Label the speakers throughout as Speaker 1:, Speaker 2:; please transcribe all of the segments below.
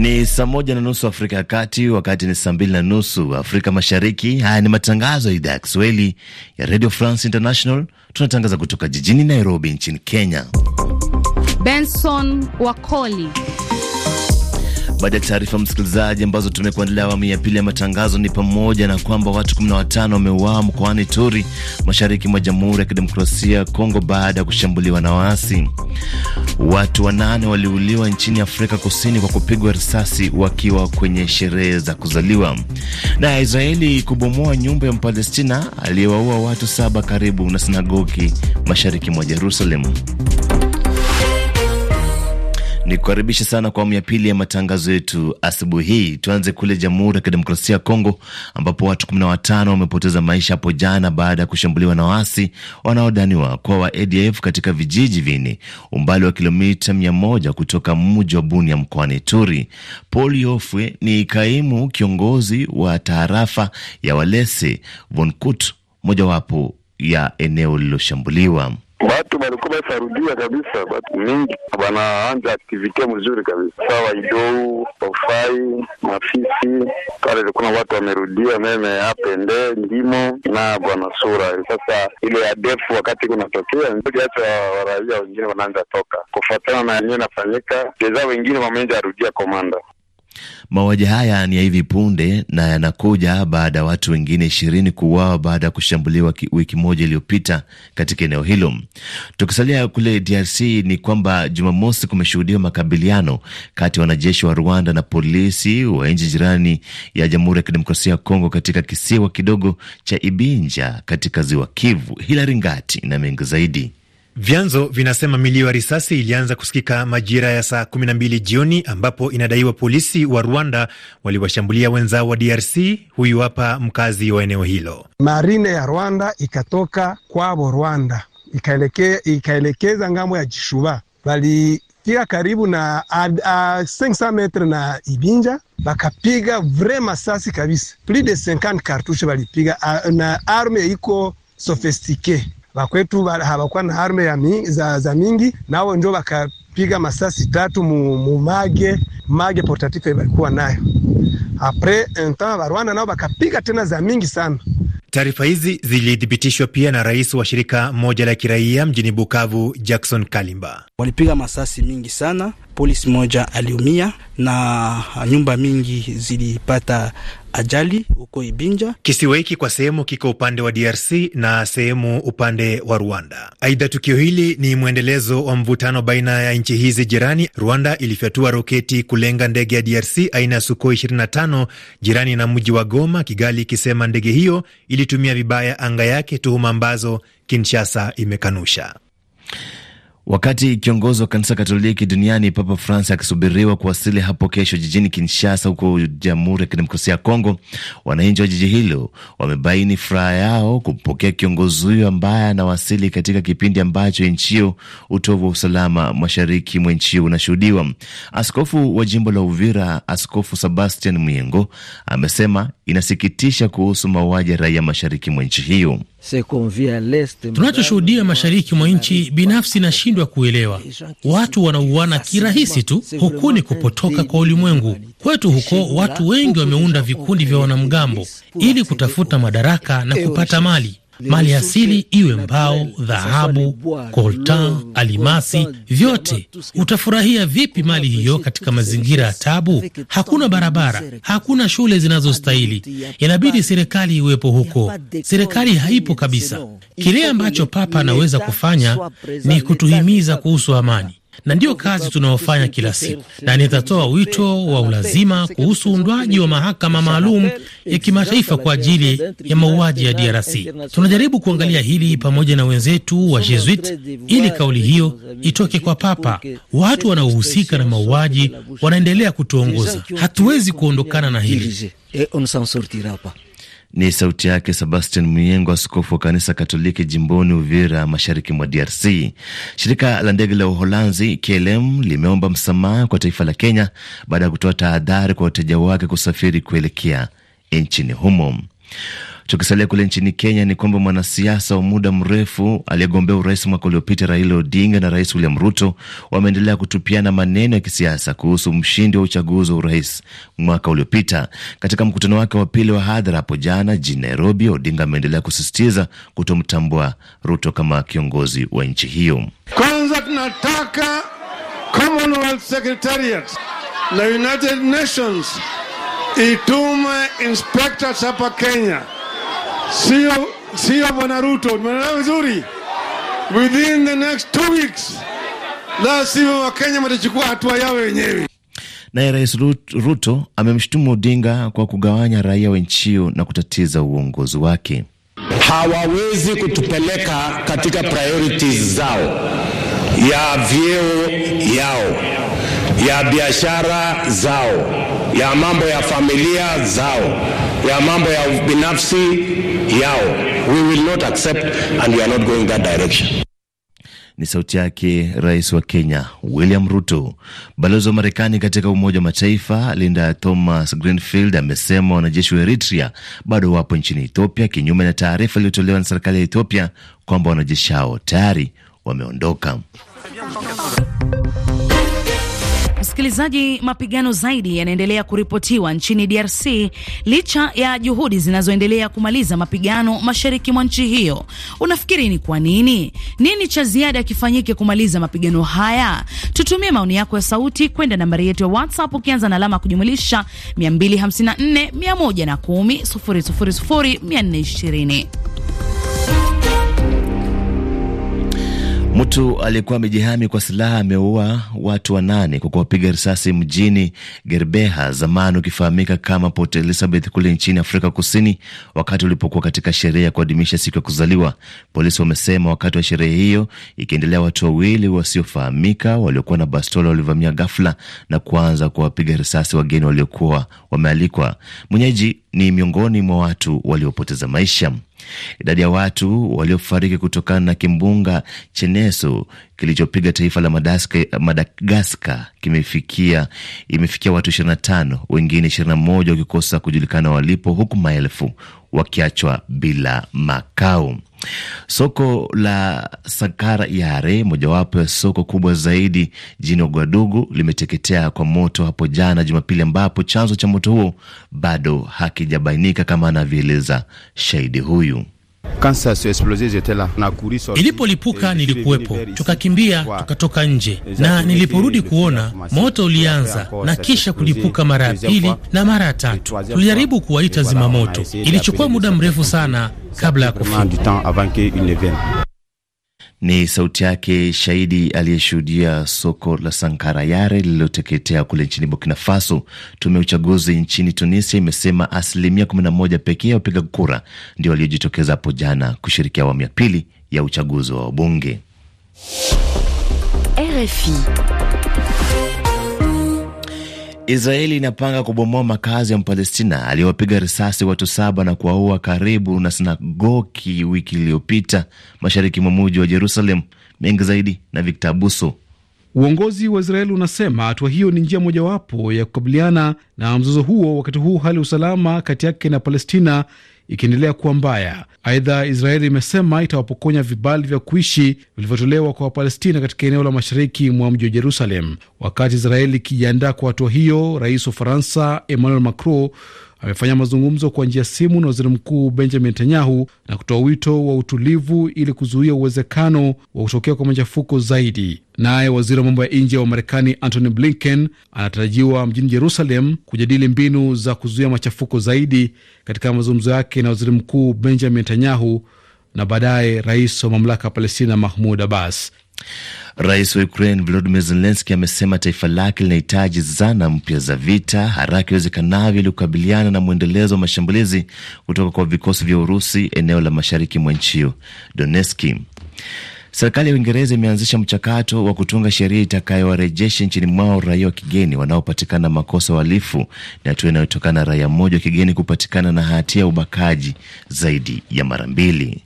Speaker 1: Ni saa moja na nusu Afrika ya Kati, wakati ni saa mbili na nusu Afrika Mashariki. Haya ni matangazo ya idhaa ya Kiswahili ya Radio France International. Tunatangaza kutoka jijini Nairobi nchini Kenya. Benson Wakoli baada ya taarifa msikilizaji, ambazo tumekuandalia awamu ya pili ya matangazo ni pamoja na kwamba watu 15 wameuawa mkoani Turi, mashariki mwa Jamhuri ya Kidemokrasia ya Kongo baada ya kushambuliwa na waasi. Watu wanane waliuliwa nchini Afrika Kusini kwa kupigwa risasi wakiwa kwenye sherehe za kuzaliwa, na Israeli kubomoa nyumba ya Mpalestina aliyewaua watu saba karibu na sinagogi mashariki mwa Jerusalem. Ni kukaribisha sana kwa awamu ya pili ya matangazo yetu asubuhi hii. Tuanze kule Jamhuri ya Kidemokrasia ya Kongo ambapo watu kumi na watano wamepoteza maisha hapo jana baada ya kushambuliwa na waasi wanaodaniwa kuwa wa ADF katika vijiji vine umbali wa kilomita moja kutoka mji wa Bunia mkoani turi Paul Yofwe ni kaimu kiongozi wa taarafa ya Walese Vonkut, mojawapo ya eneo lililoshambuliwa.
Speaker 2: Batu balikuwa basarudia kabisa, batu mingi banaanja aktivite mzuri kabisa, sawa idou pofai mafisi pale, ilikuwa watu wamerudia meme apende ndimo na bwana sura. Sasa ile ya defu wakati kunatokea ndio hata waraia wengine wanaanza toka kufuatana na yenyewe nafanyika deza, wengine wameanja arudia komanda
Speaker 1: Mauaji haya ni ya hivi punde na yanakuja baada ya watu wengine ishirini kuuawa baada ya kushambuliwa wiki moja iliyopita katika eneo hilo. Tukisalia kule DRC ni kwamba Jumamosi kumeshuhudiwa makabiliano kati ya wanajeshi wa Rwanda na polisi wa nchi jirani ya Jamhuri ya Kidemokrasia ya Kongo katika kisiwa kidogo cha Ibinja katika ziwa Kivu. Hilari Ngati na mengi zaidi.
Speaker 2: Vyanzo vinasema milio ya risasi ilianza kusikika majira ya saa kumi na mbili jioni, ambapo inadaiwa polisi wa Rwanda waliwashambulia wenzao wa DRC. Huyu hapa mkazi wa eneo hilo. Marine ya Rwanda ikatoka kwavo Rwanda ikaeleke, ikaelekeza ngambo ya Jishuba walikia karibu na 500 metre na Ibinja bakapiga vre masasi kabisa, plus de 50 kartushe walipiga na arme iko sofistike Wakwetu hawakuwa na arme ya mi, za, za mingi nao ndio wakapiga masasi tatu mu, mu mage mage portative walikuwa nayo apres nta Warwanda nao wakapiga tena za mingi sana. Taarifa hizi zilithibitishwa pia na rais wa shirika moja la kiraia mjini Bukavu, Jackson Kalimba. Walipiga masasi mingi sana polisi moja aliumia na nyumba mingi zilipata ajali huko Ibinja. Kisiwa hiki kwa sehemu kiko upande wa DRC na sehemu upande wa Rwanda. Aidha, tukio hili ni mwendelezo wa mvutano baina ya nchi hizi jirani. Rwanda ilifyatua roketi kulenga ndege ya DRC aina ya sukoi 25 jirani na mji wa Goma, Kigali ikisema ndege hiyo ilitumia vibaya anga yake, tuhuma ambazo Kinshasa imekanusha.
Speaker 1: Wakati kiongozi wa kanisa Katoliki duniani Papa Francis akisubiriwa kuwasili hapo kesho jijini Kinshasa huko Jamhuri ya Kidemokrasia ya Kongo, wananchi wa jiji hilo wamebaini furaha yao kumpokea kiongozi huyo ambaye anawasili katika kipindi ambacho nchi hiyo utovu wa usalama mashariki mwa nchi hiyo unashuhudiwa. Askofu wa jimbo la Uvira, Askofu Sebastian mwingo amesema inasikitisha kuhusu mauaji ya raia mashariki mwa nchi hiyo.
Speaker 2: Tunachoshuhudia mashariki mwa nchi, binafsi nashindwa kuelewa. Watu wanauana kirahisi tu, huku ni kupotoka kwa ulimwengu. Kwetu huko, watu wengi wameunda vikundi vya wanamgambo ili kutafuta madaraka na kupata mali mali asili, iwe mbao, dhahabu, koltan, alimasi, vyote. Utafurahia vipi mali hiyo katika mazingira ya tabu? Hakuna barabara, hakuna shule zinazostahili. Inabidi serikali iwepo huko. Serikali haipo kabisa. Kile ambacho papa anaweza kufanya ni kutuhimiza kuhusu amani na ndiyo kazi tunayofanya kila siku, na nitatoa wito wa ulazima kuhusu uundwaji wa mahakama maalum ya kimataifa kwa ajili ya mauaji ya DRC. Tunajaribu kuangalia hili pamoja na wenzetu wa Jesuit ili kauli hiyo itoke kwa Papa. Watu wanaohusika na mauaji wanaendelea kutuongoza, hatuwezi kuondokana na hili.
Speaker 1: Ni sauti yake Sebastian Myengo, askofu wa kanisa Katoliki jimboni Uvira, mashariki mwa DRC. Shirika la ndege la Uholanzi KLM limeomba msamaha kwa taifa la Kenya baada ya kutoa tahadhari kwa wateja wake kusafiri kuelekea nchini humo. Tukisalia kule nchini Kenya ni kwamba mwanasiasa wa muda mrefu aliyegombea urais mwaka uliopita Raila Odinga na Rais William Ruto wameendelea kutupiana maneno ya kisiasa kuhusu mshindi wa uchaguzi wa urais mwaka uliopita. Katika mkutano wake wa pili wa hadhara hapo jana jijini Nairobi, Odinga ameendelea kusisitiza kutomtambua Ruto kama kiongozi wa nchi hiyo.
Speaker 2: Kwanza tunataka Commonwealth Secretariat na United Nations itume inspectors hapa Kenya sio sio bwana Ruto, tumeelewana vizuri, within the next two weeks, la sivyo Wakenya watachukua hatua yao wenyewe.
Speaker 1: Naye Rais Ruto amemshutumu Odinga kwa kugawanya raia wa na kutatiza uongozi wake.
Speaker 2: Hawawezi kutupeleka katika priorities zao ya vyeo yao ya biashara zao, ya mambo ya familia zao, ya mambo ya binafsi yao. We will not accept and we are not going that direction.
Speaker 1: Ni sauti yake Rais wa Kenya William Ruto. Balozi wa Marekani katika Umoja wa Mataifa Linda Thomas Greenfield amesema wanajeshi wa Eritrea bado wapo nchini Ethiopia, kinyume na taarifa iliyotolewa na serikali ya Ethiopia kwamba wanajeshi hao tayari wameondoka.
Speaker 2: Msikilizaji, mapigano zaidi yanaendelea kuripotiwa nchini DRC licha ya juhudi zinazoendelea
Speaker 1: kumaliza mapigano mashariki mwa nchi hiyo. Unafikiri ni kwa nini? Nini cha ziada kifanyike kumaliza mapigano haya? Tutumie maoni yako ya sauti kwenda nambari yetu ya WhatsApp ukianza na alama ya kujumulisha 254 110 000 420. Mtu aliyekuwa amejihami kwa silaha ameua watu wanane kwa kuwapiga risasi mjini Gerbeha, zamani ukifahamika kama Port Elizabeth, kule nchini Afrika Kusini, wakati ulipokuwa katika sherehe ya kuadhimisha siku ya kuzaliwa. Polisi wamesema wakati wa sherehe hiyo ikiendelea, watu wawili wasiofahamika waliokuwa na bastola walivamia ghafla na kuanza kuwapiga risasi wageni waliokuwa wamealikwa. Mwenyeji ni miongoni mwa watu waliopoteza maisha. Idadi ya watu waliofariki kutokana na kimbunga Cheneso kilichopiga taifa la Madagaskar kimefikia imefikia watu 25, wengine 21 wakikosa kujulikana walipo, huku maelfu wakiachwa bila makao. Soko la Sankara Yare, mojawapo ya soko kubwa zaidi jini Ugadugu, limeteketea kwa moto hapo jana Jumapili, ambapo chanzo cha moto huo bado hakijabainika, kama anavyoeleza shahidi huyu. Ilipolipuka nilikuwepo,
Speaker 2: tukakimbia tukatoka nje, na niliporudi kuona moto ulianza na kisha kulipuka mara ya pili na mara ya tatu. Tulijaribu kuwaita zimamoto, ilichukua muda mrefu sana kabla ya kufa.
Speaker 1: Ni sauti yake shahidi aliyeshuhudia soko la sankara yare lililoteketea kule nchini Burkina Faso. Tume ya uchaguzi nchini Tunisia imesema asilimia 11 pekee ya wapiga kura ndio waliojitokeza hapo jana kushirikia awamu ya pili ya uchaguzi wa wabunge. RFI Israeli inapanga kubomoa makazi ya Mpalestina aliyewapiga risasi watu saba na kuwaua karibu na sinagogi wiki iliyopita mashariki mwa muji wa Jerusalem. Mengi zaidi na Victor buso
Speaker 2: Uongozi wa Israeli unasema hatua hiyo ni njia mojawapo ya kukabiliana na mzozo huo, wakati huu hali ya usalama kati yake na Palestina ikiendelea kuwa mbaya. Aidha, Israeli imesema itawapokonya vibali vya kuishi vilivyotolewa kwa Wapalestina katika eneo la mashariki mwa mji wa Jerusalem. Wakati Israeli ikijiandaa kwa hatua hiyo, rais wa faransa Emmanuel Macron amefanya mazungumzo kwa njia ya simu na waziri mkuu Benjamin Netanyahu na kutoa wito wa utulivu ili kuzuia uwezekano wa kutokea kwa machafuko zaidi. Naye waziri wa mambo ya nje wa Marekani Antony Blinken anatarajiwa mjini Jerusalem kujadili mbinu za kuzuia machafuko zaidi katika mazungumzo yake na waziri mkuu Benjamin Netanyahu na baadaye rais wa mamlaka ya Palestina Mahmud Abbas.
Speaker 1: Rais wa Ukraine Volodymyr Zelensky amesema taifa lake linahitaji zana mpya za vita haraka iwezekanavyo ili kukabiliana na mwendelezo wa mashambulizi kutoka kwa vikosi vya Urusi eneo la mashariki mwa nchi hiyo Donetsk. Serikali ya Uingereza imeanzisha mchakato wa kutunga sheria itakayowarejesha nchini mwao raia wa kigeni wanaopatikana makosa uhalifu, ni hatua inayotokana na raia mmoja wa kigeni kupatikana na hatia ya ubakaji zaidi ya mara mbili.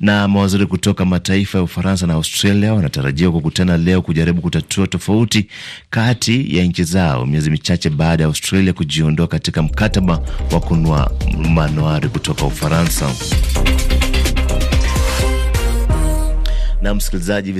Speaker 1: Na mawaziri kutoka mataifa ya Ufaransa na Australia wanatarajiwa kukutana leo kujaribu kutatua tofauti kati ya nchi zao, miezi michache baada ya Australia kujiondoa katika mkataba wa kunua manowari kutoka Ufaransa. Na msikilizaji